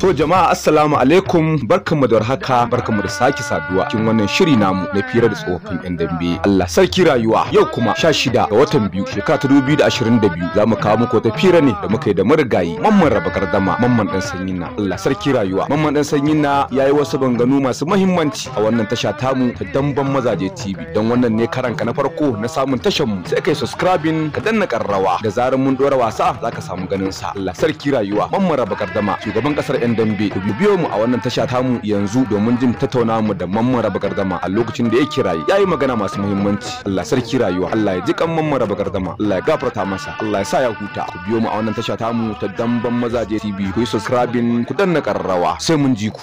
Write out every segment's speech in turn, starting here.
To jama'a assalamu alaikum barkanmu da warhaka barkanmu da sake saduwa cikin wannan shiri namu na fira da tsofaffin yan dambe. Allah sarki rayuwa yau kuma 16 ga watan biyu shekara ta 2022 za mu kawo muku ta fira ne da muka yi da marigayi mamman raba gardama mamman dan sanyin na Allah sarki rayuwa mamman dan sanyin na yayi wasu banganu masu muhimmanci a wannan tasha mu ta damban mazaje TV don wannan ne karanka na farko na samun tashar mu sai kai subscribing ka danna karrawa da zarar mun dora wasa zaka samu ganin sa Allah sarki rayuwa mamman raba gardama shugaban kasar 'yan dambe ku biyo mu a wannan tasha mu yanzu domin jin tattauna mu da mamman raba gardama a lokacin da ya yi yayi magana masu muhimmanci Allah sarki rayuwa Allah ya ji kan mamman raba gardama Allah ya gafarta masa Allah ya sa ya huta ku biyo mu a wannan tasha mu ta damban mazaje TV ku yi subscribing ku danna karrawa sai mun ji ku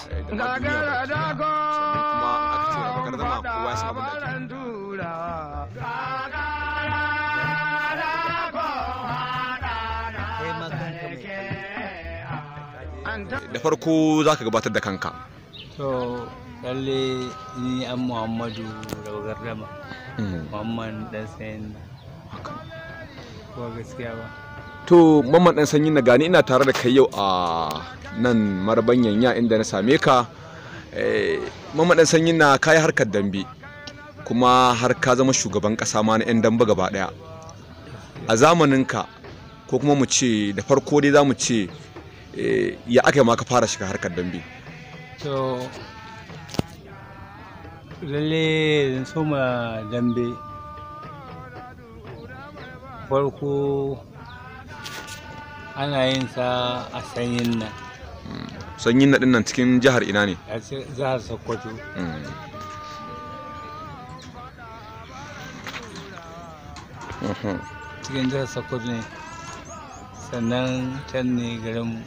da farko za ka gabatar da kanka to lalle ni an muhammadu daga gardama muhammad hmm. dan sanyin ba gaskiya ba to mamman dan sanyin na gani ina tare da kai yau a nan maraban yanya inda na same ka eh, mamman dan sanyin na kayi harkar dambe kuma har ka zama shugaban kasa ma na 'yan damba gaba daya a zamaninka ko kuma mu ce da farko dai za mu ce Eh, ya aka ma ka fara shiga harkar dambe to lalle zan soma dambe farko ana yin sa a sanyin nan hmm. sanyin na nan cikin jihar ina ne a jihar sokoto hmm. cikin jihar sokoto ne sannan can ne garin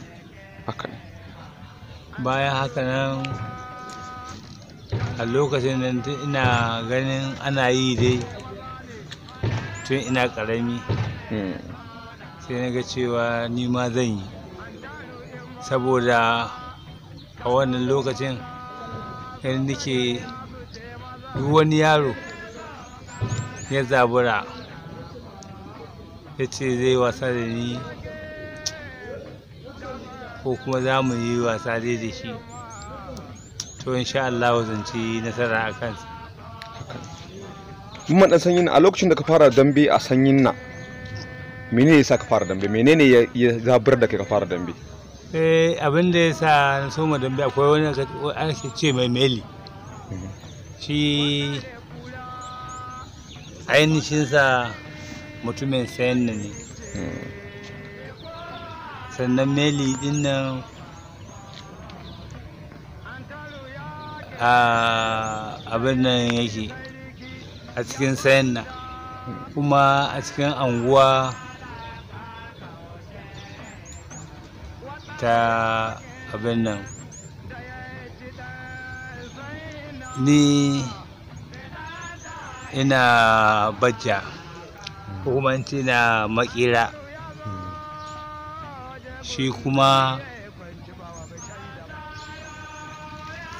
bayan haka nan a lokacin da ina ganin ana yi dai tun ina ƙarami hmm. sai na ga cewa ni ma zan yi saboda a wannan lokacin yan nake duk wani yaro ya zabura ya ce zai wasa da ni ko kuma za mu yi wasa dai da shi to insha Allah zan ci nasara a kansa mun dan sanyin a lokacin da ka fara dambe a sanyin na menene yasa ka fara dambe menene ya zabar da kai ka fara dambe eh abin da yasa na soma dambe akwai wani ake ce mai meli mhm. shi ainihin sa mutumin sayan ne mm. sannan meli din nan abin nan yake a cikin sayan nan kuma a cikin anguwa ta abin nan ni ina bajja ko kuma na makira shi kuma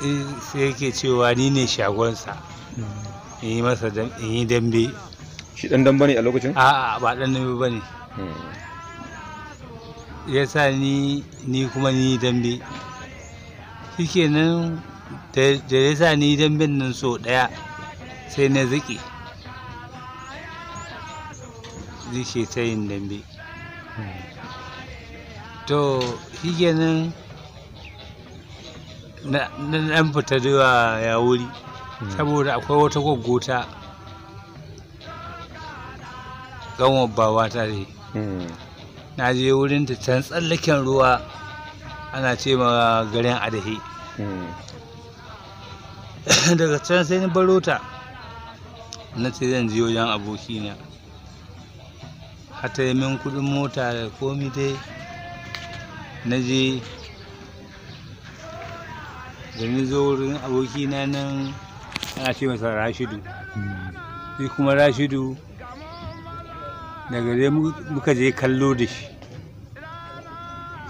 eh, sai yake cewa ni ne shagonsa hmm. in yi masa in yi dambe shi dan dambe ne a lokacin a'a ba dan dambe ba ne hmm. ya sa ni ni kuma ni dambe shikenan da ya sa ni damben nan so daya sai na ziki zuke ta yin dambe hmm. to shikenan na ɗan fita zuwa ya wuri hmm. saboda akwai wata gwaggota ganwar bawa ta ne hmm. na je wurin ta can tsallaken ruwa ana ce ma garin adahi hmm. daga can sai ni baro ta na ce zan je wajen abokina hata yi kudin mota da komi dai na je da ni zo wurin abokina nan ana ce masa rashidu shi kuma rashidu daga dai muka je kallo da shi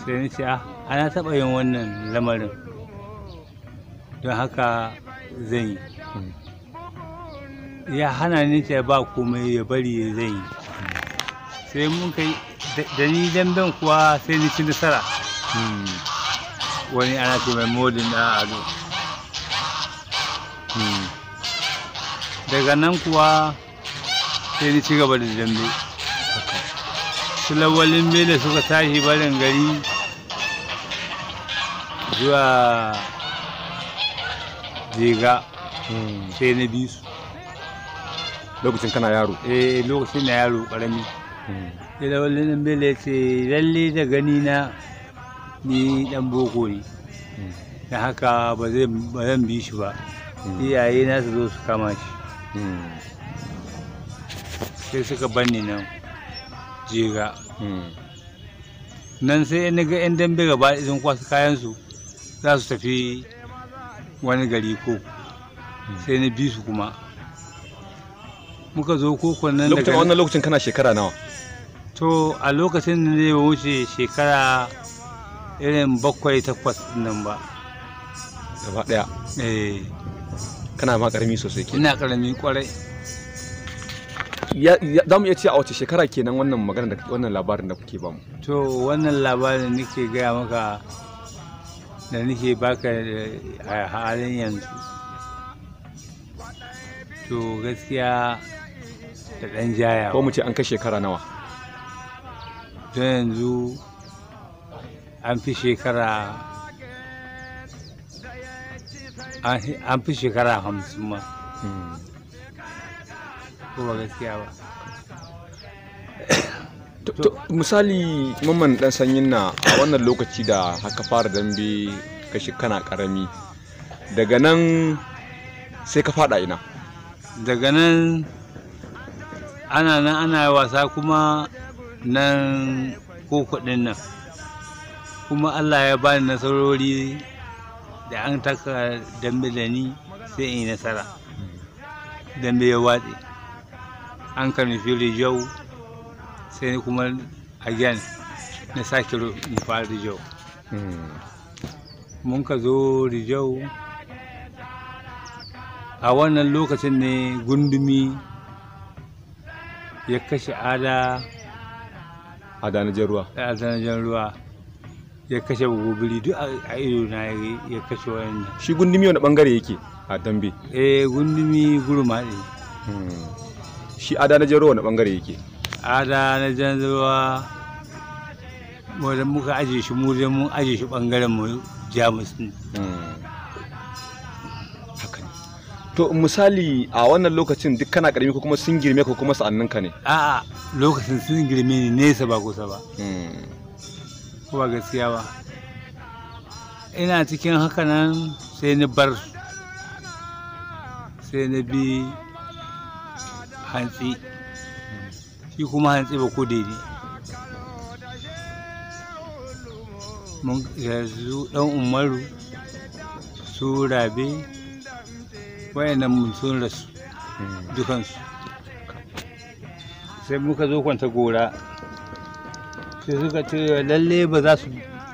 sai ni ce ah, ana taɓa yin wannan lamarin don haka zan yi ya hana ni ce ba komai ya bari ya zan yi sai mun kai da ni damben kuwa sai ni ci nasara Hmm. wani ana ce mai modin da ado hmm. daga nan kuwa sai ni ci gaba da dambe su bele suka tashi barin gari zuwa jega hmm. sai na biyu. su lokacin kana yaro eh lokacin na yaro karami sulawalin bele ce lalle da gani na ni dan boko ne da haka ba zan bi shi ba iyaye na su zo su kama shi sai suka banni nan jega nan sai na ga 'yan dambe gaba sun kwasu kayansu za su tafi wani gari ko sai na bi su kuma muka zo koko nan daga wannan lokacin kana shekara nawa to a lokacin da ne wuce shekara irin bakwai takwas nan ba gaba daya eh kana ma karami sosai ke ina karami kwarai za mu iya ce a wace shekara kenan wannan magana da wannan labarin da kuke bamu to wannan labarin nake gaya maka da nake baka eh, a halin yanzu to gaskiya da ɗan jaya ko mu ce an kashe shekara nawa to yanzu an fi shekara an fi shekara hamsin ma hmm. ko ba gaskiya ba misali mamman dan sanyin na a wannan lokaci da haka fara dambe kashi kana karami daga nan sai ka fada ina daga nan ana nan ana wasa kuma nan ko kudin nan kuma Allah ya bani nasarori da an taka dambe da ni sai in yi nasara dambe ya watse an ka nufi jau sai kuma again na sake nufa rijau hmm. mun ka zo rijau a wannan lokacin ne gundumi ya kashe ada a ruwa ruwa ya kashe gobiri duk a ido na ya kashe wayan shi gundumi wani bangare yake a dambe eh gundumi gurma ne hmm. shi ada na jaro wani bangare yake ada na janzuwa wadda muka aje shi mu dai mun aje shi bangaren mu jamus hmm. ne to misali a wannan lokacin duk kana karami ko kuma sun girme ko kuma sa'annin ka ne a'a lokacin sun girme ne nesa ba kusa ba hmm. ba gaskiya ba ina cikin haka nan sai ni bar sai na bi hantsi shi kuma hantsi ba ko daidai mun yanzu dan umaru su rabe wayannan mun sun rasu hmm. dukansu sai muka zo kwanta gora sai suka ce lalle ba za su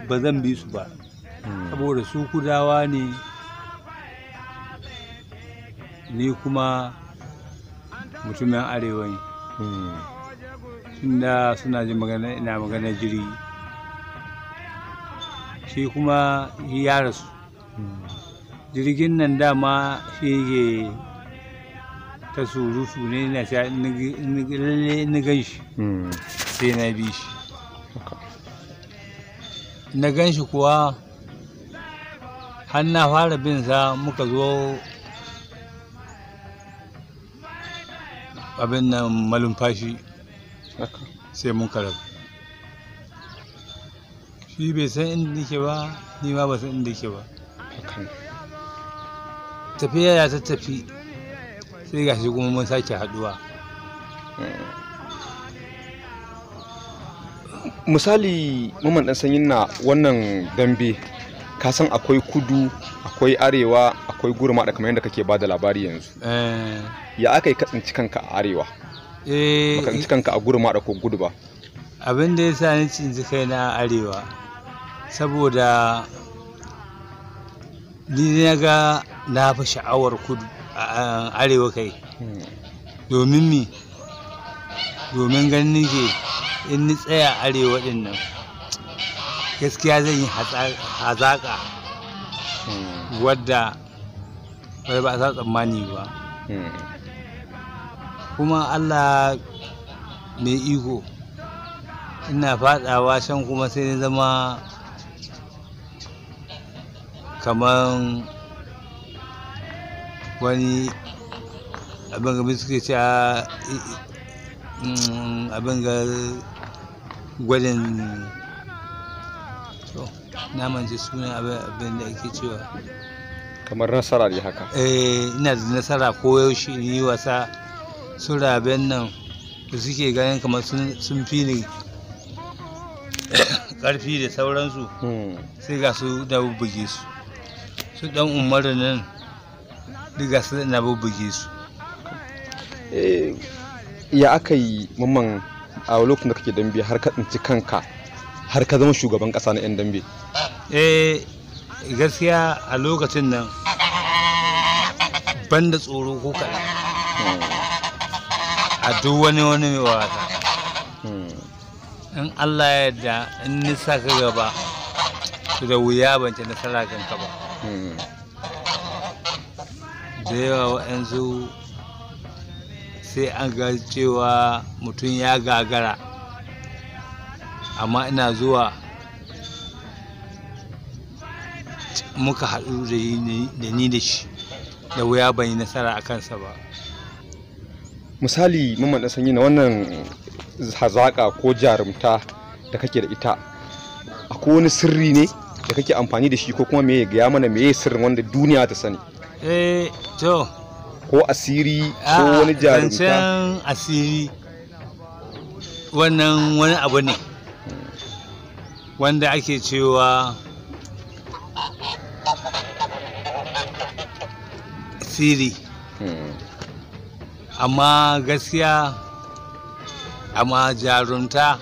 ba zan bi su ba hmm. saboda su kudawa ne ni kuma mutumin arewa ne hmm. tunda suna ji magana ina magana jiri shi kuma ya rasu hmm. jirgin nan dama shi ke ta surutu ne na gan shi sai na bi shi na gan shi kuwa har na fara bin sa muka zo abin nan malumfashi sai mun karabu shi bai san inda ke ba ni ma ba san inda ke ba tafiya ya ta tafi sai gashi kuma mun sake haduwa eh. misali maman dan sanyin na wannan dambe ka san akwai kudu akwai arewa akwai gurma da kamar yadda kake ba da labari yanzu eh. ya aka yi katsanci kanka a arewa eh, ka kanka a gurma da ko gudu ba abin da ya sa ni cinci kai na arewa saboda ni na ga na fi sha'awar kudu a arewa kai hmm. domin mi domin ganin ke in ni tsaya arewa din nan gaskiya zan yi hazaƙa eh, wadda wadda ba sa tsammani ba hmm. kuma allah mai iko ina fadawa shan kuma sai na zama kamar wani abin ga suke cewa mm, abin ga gwalin to na ji suna abin da ake cewa kamar nasara ne haka eh ina da nasara ko yaushe yi wasa su raben nan da suke ganin kamar sun fi ni karfi da sauransu hmm. sai ga su da bubbuge su su dan umaru nan diga su na bubbuge su eh, ya aka yi mamman a lokacin da kake dambe har ka tsinci kanka har ka zama shugaban kasa na 'yan dambe eh gaskiya a lokacin nan ban da tsoro ko kaɗan a duk wani wani mai wasa in allah ya yarda in nisa ka gaba da wuya bance nasara kanka ba hmm. da yawa wa'yansu sai an ga cewa mutum ya gagara amma ina zuwa muka haɗu da ni da shi da wuya ban yi nasara a kansa ba misali mamman ɗan sanyi na wannan hazaƙa ko jarumta da kake da ita akwai wani sirri ne da kake amfani da shi ko kuma me ya mana me sirrin wanda duniya ta sani eh to ko asiri ko ah, wani jarumta can asiri wannan wani abu ne wanda ake cewa asiri hmm. amma gaskiya amma jarumta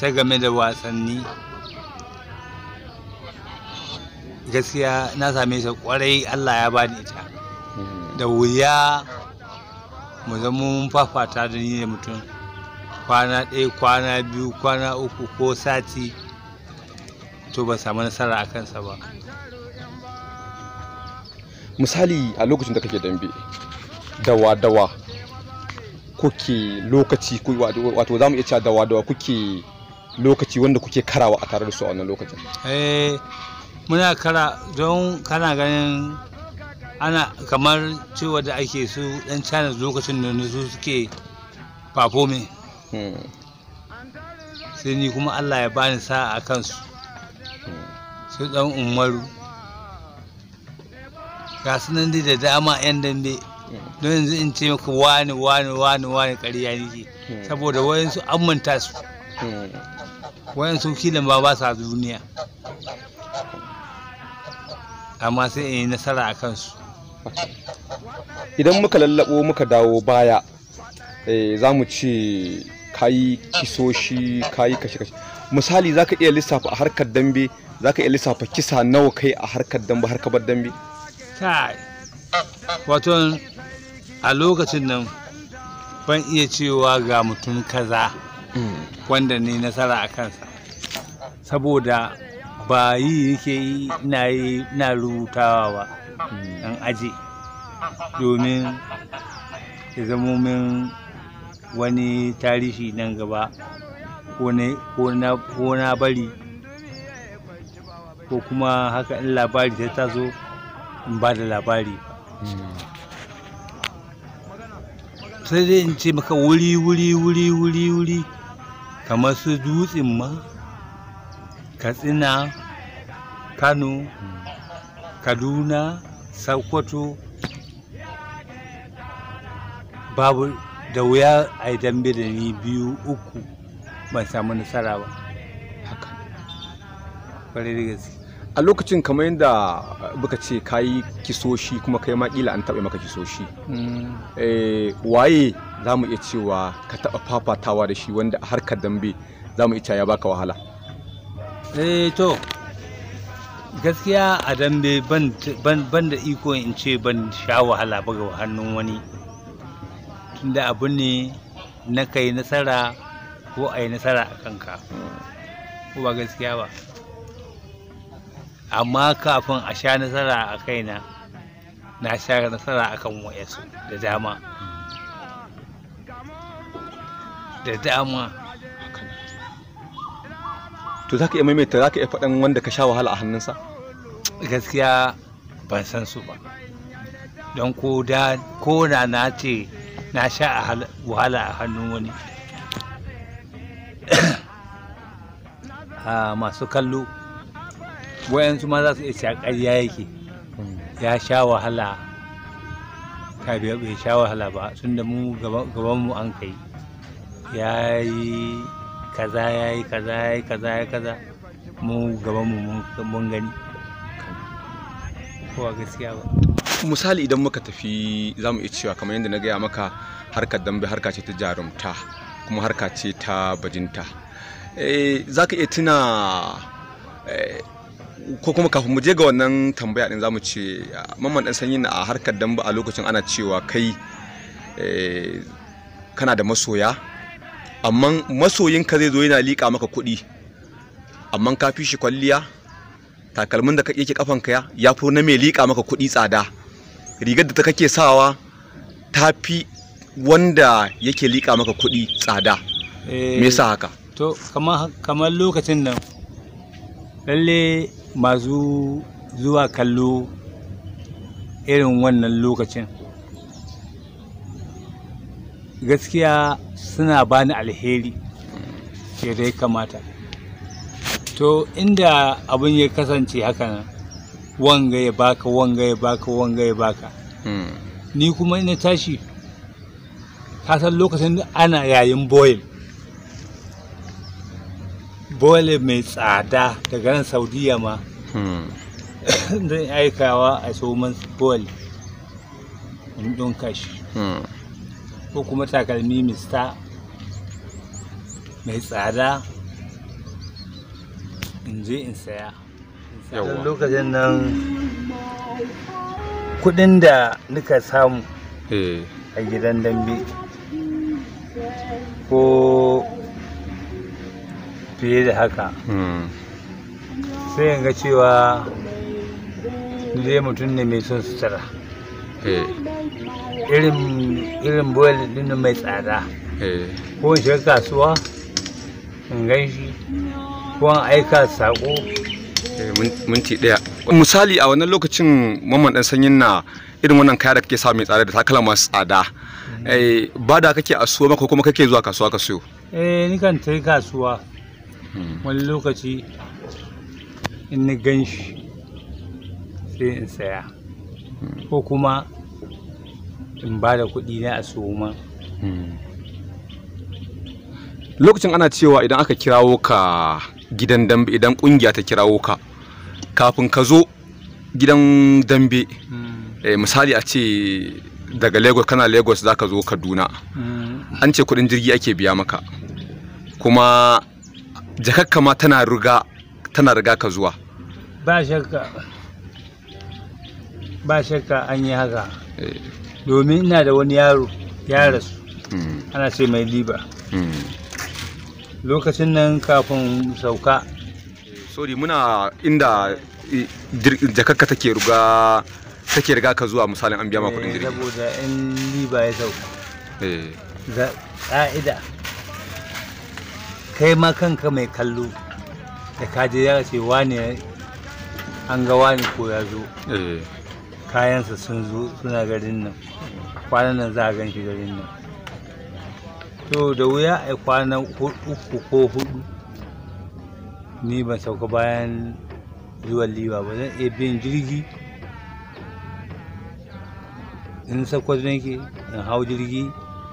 ta game da wasanni gaskiya na same shi kwarai allah ya bani ita hmm. da wuya mu zama mun fafata da ni da mutum kwana ɗaya kwana biyu kwana uku ko sati to ba samu nasara a kansa ba misali a lokacin da kake dambe dawa-dawa kuke lokaci wato za mu iya cewa dawa-dawa kuke lokaci wanda kuke karawa a tare da su a wannan lokacin eh, muna kara don kana ganin ana kamar cewa da ake su dan china lokacin da su suke fafome hmm. sai ni kuma allah ya bani sa a kansu su dan umaru ga su nan da dama yan dambe don yanzu in ce maka wani wani wani wani ƙarya nike hmm. saboda wayansu an manta su hmm. wayansu kila ba ba sa duniya amma sai in yi nasara a kansu idan muka lallabo muka dawo baya eh, za mu ce kayi kisoshi kayi kashe-kashe misali za ka iya lissafa a harkar dambe za ka iya lissafa kisa nawa kai a harkar dambe harkar dambe wato a lokacin nan ban iya cewa ga mutum kaza hmm. wanda ne nasara a kansa saboda ba yi yake yi na yi na rubutawa ba an aji domin ya zamo min wani tarihi nan gaba ko na bari ko kuma haka in labari ta taso in ba da labari sai dai in ce maka wuri wuri wuri wuri wuri kamar su dutsen ma katsina kano kaduna sokoto babu da wuya a yi dambe da ni biyu uku ban samu nasara ba haka a lokacin kamar yadda buka ce ka yi kisoshi kuma kai ma kila an taɓa maka kisoshi mm. eh, waye za mu iya cewa ka taɓa fafatawa da shi wanda a harkar dambe za mu iya ya baka wahala eh to gaskiya a dambe ban da iko in ce ban sha wahala ba ga hannun wani tunda abu ne na kai nasara ko a yi nasara a kanka ko ba gaskiya ba amma kafin a sha nasara a kaina na sha nasara a kan wa'yasu da dama da dama to ka iya maimaita za ka iya faɗan wanda ka sha wahala a hannunsa gaskiya ban san su ba don ko da ko na na ce na sha wahala a hannun wani a ah, masu kallo wayansu ma za su iya shakar ya yake ya sha wahala ta bai sha wahala ba tun da mu an kai ya yi kaza ya yi kaza ya yi kaza ya kaza mu gaban mu mun gani kowa gaskiya ba misali idan muka tafi za mu iya cewa kamar yadda na gaya maka harkar dambe harka ce ta jarumta kuma harka ce ta bajinta eh, za ka iya tuna eh, ko kuma kafin mu je ga wannan tambaya din zamu ce mamman dan sanyi na a harkar dambe a lokacin ana cewa kai eh, kana da masoya amma masoyinka zai zo yana liƙa maka kuɗi amma ka fi shi kwalliya takalmin da yake kafan ya ya fi na mai liƙa maka kuɗi tsada rigar da ta kake sawa ta fi wanda yake liƙa maka kuɗi tsada eh, me yasa haka to kamar lokacin nan lalle masu zuwa kallo irin wannan lokacin gaskiya suna bani alheri ke dai kamata to inda abin ya kasance haka nan wanga ya baka wanga ya baka wanga ya baka hmm. ni kuma ina tashi ka san lokacin ana yayin boil boil mai tsada daga nan saudiya ma hmm. zan aikawa a tsohon boil in don kashi hmm. ko kuma takalmi mista mai tsada in je in saya lokacin nan kudin da nika samu eh. a gidan dambe ko fiye da haka hmm. sai yanga cewa zai mutum ne mai son sutura eh. irin irin boyar din mai tsada eh. ko in shiga kasuwa in gan shi ko in aika sako eh, minti daya misali a wannan lokacin mamman dan sanyin na irin wannan kaya da kake sa mai tsada da takalma masu tsada eh, ba da kake a suwa ko kuma kake zuwa kasuwa ka siyo eh ni kan tai kasuwa hmm. wani lokaci in ni gan shi sai in saya hmm. ko kuma in ba da kuɗi ne a soma hmm. lokacin ana cewa idan aka kirawo ka gidan dambe idan kungiya ta kirawo ka kafin ka zo gidan dambe hmm. eh, misali a ce daga lagos kana lagos za ka zo kaduna hmm. an ce kudin jirgi ake biya maka kuma jakakka ma tana riga ka zuwa ba shakka ba shakka an yi haka eh. domin ina da wani yaro ya rasu hmm. ana ce mai liba hmm. lokacin nan kafin sauka sorry muna inda jakakka take ruga take riga ka zuwa misalin an biya ma kudin eh, jirgi saboda in liba ya sauka eh. Za ƙa'ida kai ma kanka mai kallo da kaje ya ce wane an ga wani ko ya zo eh. kayansa sun zo suna garin nan kwanan nan za a gan shi garin nan to da wuya a kwana uku ko hudu ni ban sauka bayan zuwa liwa ba zan iya bin jirgi in sakwas nake in hau jirgi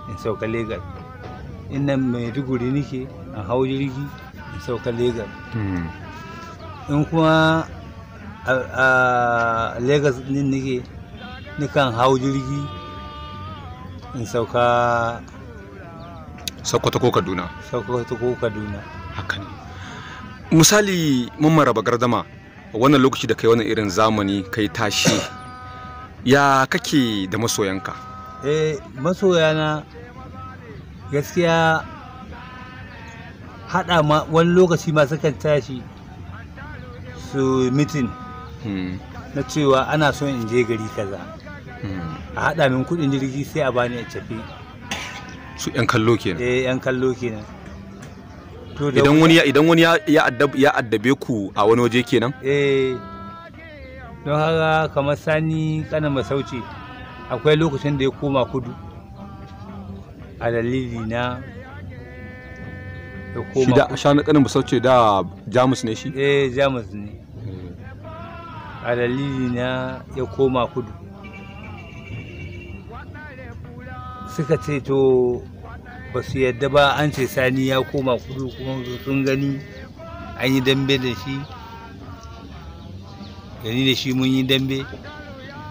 in sauka legas in mai duguri nake in hau jirgi in sauka legas hmm. in kuma a lagos din nake kan hau jirgi in sauka sokoto ko kaduna sokoto ko kaduna haka ne misali mun maraba gardama wannan lokaci da kai wannan irin zamani kai tashi ya kake da masoyanka eh masoyana gaskiya haɗa ma wani lokaci ma sukan tashi su mitin na cewa ana so in je gari kaza a haɗa min kuɗin jirgi sai a bani a cafe su yan kallo kenan eh yan kallo kenan idan wani ya idan wani ya addabe ku a wani waje kenan eh don haka kamar sani kana masauci akwai lokacin da ya koma kudu a dalili na shi da shanu kanin basauce da jamus ne shi eh jamus ne alalini na ya koma kudu suka ce to ba su yadda ba an ce sani ya koma kudu kuma sun gani an yi dambe da shi gani da shi mun yi dambe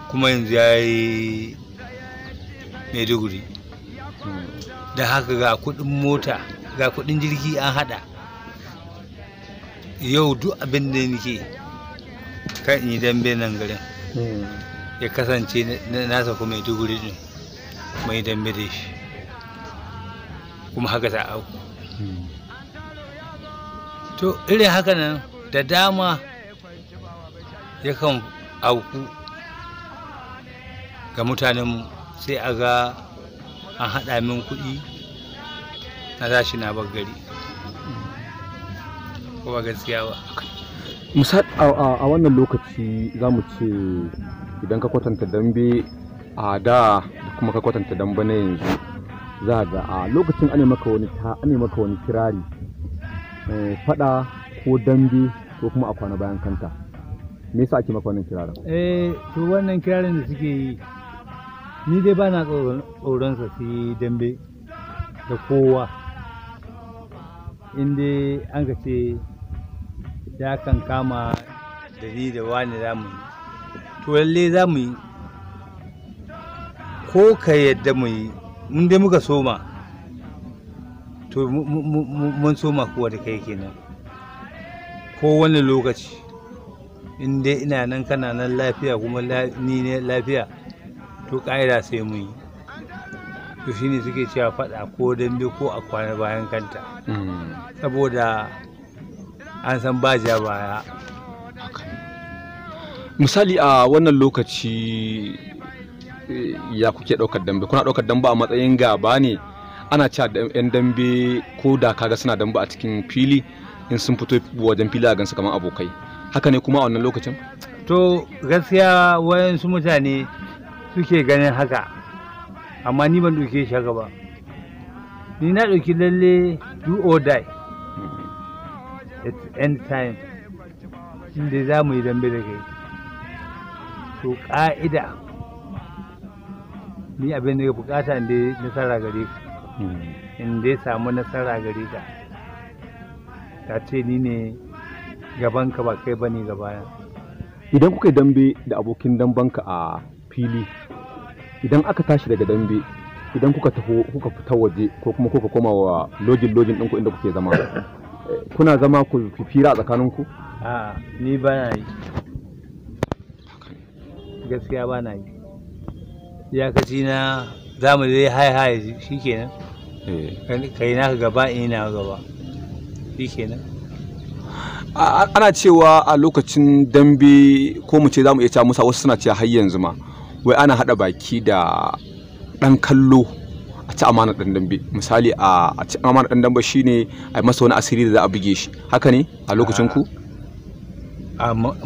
kuma yanzu ya yi maiduguri da haka ga kudin mota ga kudin jirgi an hada yau duk abin da nake kan in yi dambe nan garin hmm. ya kasance nasa kuma ya duguri din mai dambe da shi kuma haka ta auku hmm. to irin haka nan da dama yakan auku ga mutanen sai a ga an haɗa min kuɗi na tashi na bagari hmm. ko ba gaskiya ba misal a wannan lokaci za mu ce idan ka kwatanta dambe a da kuma ka kwatanta dambe na yanzu za ga a lokacin ane maka wani ta ane maka wani kirari eh, fada ko dambe ko kuma a kwana bayan kanta me yasa ake maka wannan kirarin eh to wannan kirarin da suke yi ni dai ba na tsoron sa su yi dambe da kowa inda an ka ce ya kan kama da ni da wani za mu yi to lalle za mu yi ko ka yadda mu yi mun dai muka soma to mun soma kowa da kai kenan ko wani lokaci in dai ina nan kana nan lafiya kuma ni ne lafiya to ƙa'ida sai mu yi to shine suke cewa faɗa ko dambe ko a kwana bayan kanta mm. saboda an san ba ja baya misali a wannan lokaci eh, ya kuke ɗaukar dambe kuna ɗaukar dambe a matsayin gaba ne ana ci yan dambe ko da kaga suna dambe a cikin fili in sun fito wajen fili a gansu kamar abokai haka ne kuma a wannan lokacin to gaskiya wayansu mutane suke ganin haka amma ni ban ɗauke shaka ba ni na ɗauki lalle do or die at end time inda za mu yi dambe da kai to ƙa'ida ni abin da ya bukata inda ya nasara gare ka hmm. inda ya samu nasara gare ka ta ce ni ne gaban ka ba kai bane gabana idan kuka yi dambe da abokin dambanka a fili idan aka tashi daga dambe idan kuka taho kuka fita waje ko kuma kuka koma wa lojin lojin ɗinku inda kuke zama kuna zama ku fira a tsakaninku a ni ba na yi gaskiya ba na yi iyakaci na za mu zai hai hai shi kenan eh. kai naka gaba in na gaba shi kenan ana cewa a lokacin dambe ko mu ce za mu iya ta musa wasu suna cewa har yanzu ma wai ana hada baki da dan kallo a ci amanar dan dambe misali a ci amanar dan dambe shine a masa wani asiri da za a buge shi haka ne a lokacin ku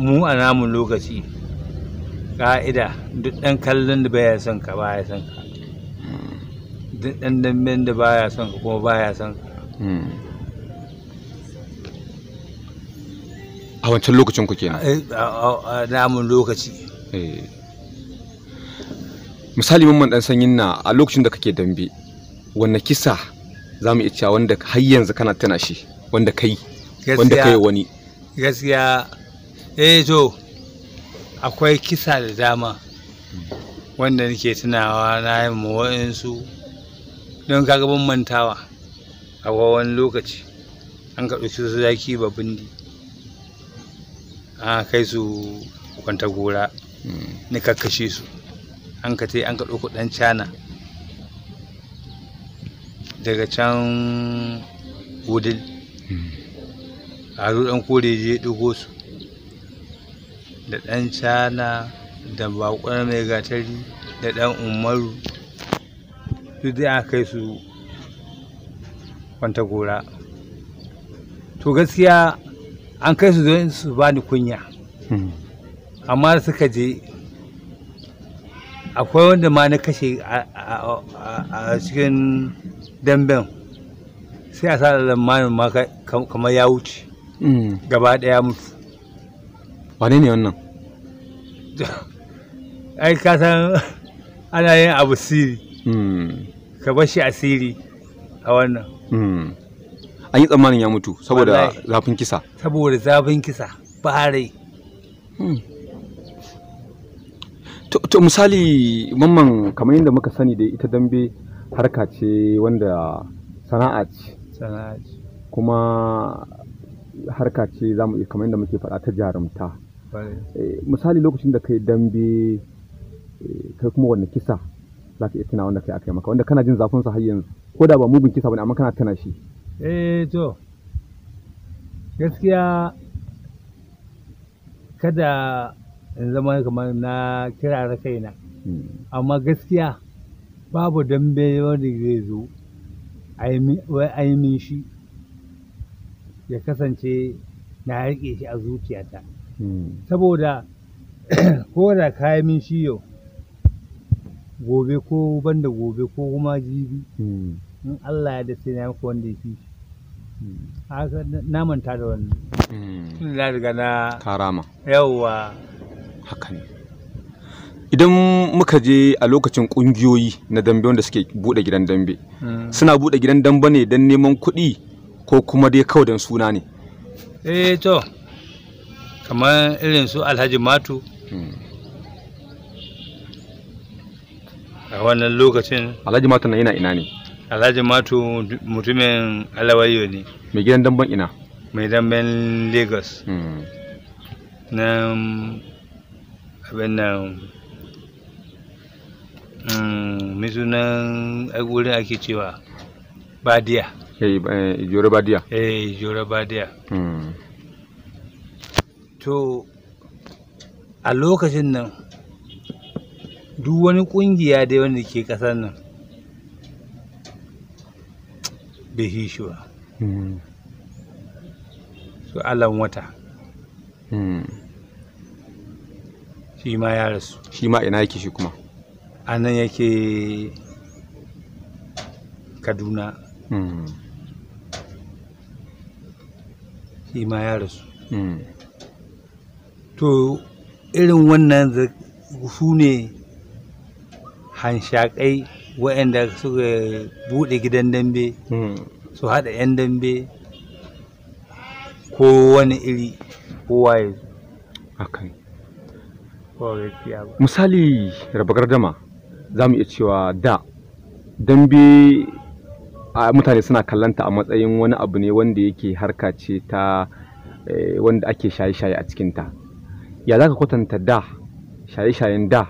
mu a namun lokaci ka'ida duk dan kallon da baya son ka baya son ka duk dan dambe da baya son ka kuma baya son ka hmm. a wancan lokacin ku kenan eh, a namun lokaci eh. misali mun dan sanyin na a lokacin da kake dambe wanne kisa za mu iya cewa wanda har yanzu kana tana shi wanda kai wanda kai wani gaskiya eh to akwai kisa da dama wanda nake tunawa na yi mu wa'insu don kaga ban mantawa a wani lokaci an ka ɗauki su zaki ba bindi a kai su kwanta gora hmm. ni kakkashe su an ka an ɗauko ɗan cana daga can wudil hmm. a ɗan kore je ɗauko su da ɗan cana da baƙon mai gatari da ɗan umaru su dai a kai su kwanta gora to gaskiya an kai su don su bani kunya hmm. amma suka je akwai wanda ma na kashe a cikin damben sai a sa lamarin ma kamar ya wuce mm. gaba daya mutu wane ne wannan ai ka san ana yin abu siri mm. ka bar shi asiri a wannan mm. an yi tsammanin ya mutu saboda zafin kisa saboda zafin kisa barai to misali mamman kamar yadda muka sani da ita dambe harka ce wanda sana'a ce sana'a ce kuma harka ce za mu kamar yadda muke faɗa ta jarumta eh, misali lokacin da kai dambe eh, kai kuma wanda kisa za ka iya tuna wanda kai aka yi maka wanda kana jin zafin sa har yanzu ko da ba mugun kisa bane amma kana tana shi eh to gaskiya kada in zama kamar na kira da kaina hmm. amma gaskiya babu dambe wanda zai zo a yi min shi ya kasance na riƙe shi a zuciyata hmm. saboda ko da kayi min shi yau gobe ko banda gobe ko kuma jibi hmm. in Allah ya da sai na yanku wanda ya fi shi haka na manta da wannan na riga na karama yawwa haka ne idan muka je a lokacin kungiyoyi na dambe wanda suke bude gidan dambe hmm. suna bude gidan dambe ne don neman kuɗi ko kuma dai kawai don suna ne eh to kamar irin su alhaji matu hmm. a wannan lokacin alhaji matu na yana ina ne alhaji matu mutumin alawayo ne mai gidan damban ina mai damben lagos hmm. na wannan mm, mai sunan wurin ake cewa badiya jore eh, badiya eh jore eh, hmm. to a lokacin nan duk wani kungiya dai wanda ke kasar nan bai shi ba hmm. su alan wata hmm. shi ma ya rasu shi ma ina yake shi kuma a nan yake kaduna hmm. shi ma ya rasu hmm. to irin wannan su ne hanshakai waɗanda suka buɗe gidan dambe hmm. su haɗa 'yan dambe ko wani iri kowa ya zo misali raba gardama za mu iya cewa da dambe mutane suna kallanta a matsayin wani abu ne wanda yake harka ce ta wanda ake shaye-shaye a cikinta ya za ka kwatanta da shaye-shayen da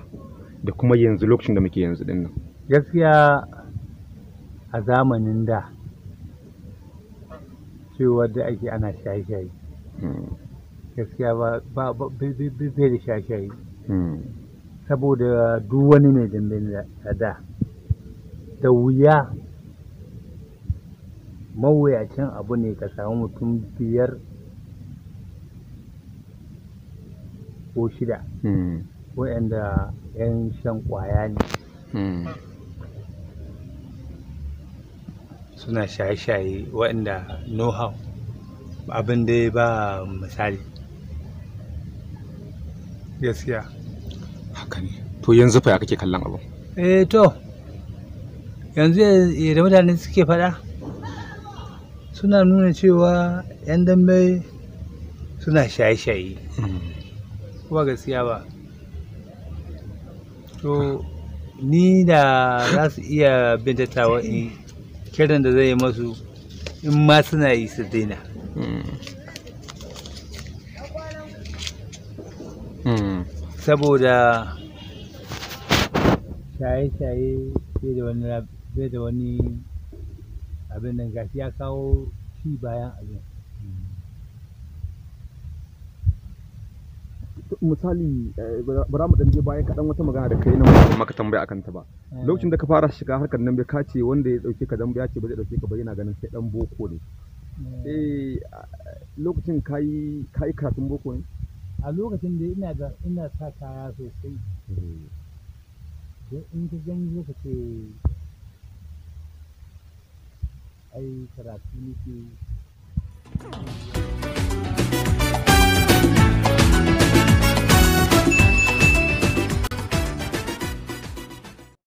da kuma yanzu lokacin da muke yanzu dinnan gaskiya a zamanin da cewa da ake ana shaye-shaye gaskiya ba bai da shaye-shaye saboda duk wani mai dambin da da wuya mawuyacin abu ne ka samu mutum biyar ko shida waɗanda 'yan shan kwaya ne suna shaye-shaye waɗanda know-how abin dai ba misali gaskiya haka ne to yanzu fa ya kake kallon abu eh to yanzu da mutane suke faɗa suna nuna cewa 'yan dambe suna shaye-shaye kuma hmm. gaskiya ba to ni da za su iya bin kiran da zai yi masu in ma suna yi su daina hmm. saboda shaye-shaye bai da wani abin da gashi ya kawo ci bayan abin misali eh, bara mu je bayan kaɗan wata magana da kai na maka tambaya akan ta ba eh. lokacin da ka fara shiga harkar nan bai kace wanda ya dauke ka dan ce ba zai dauke ka ba yana ganin sai dan boko ne eh, eh lokacin kai kai karatun boko ne a lokacin da ina da ina sa kaya sosai don in ka gani zaka ce ai karatu nake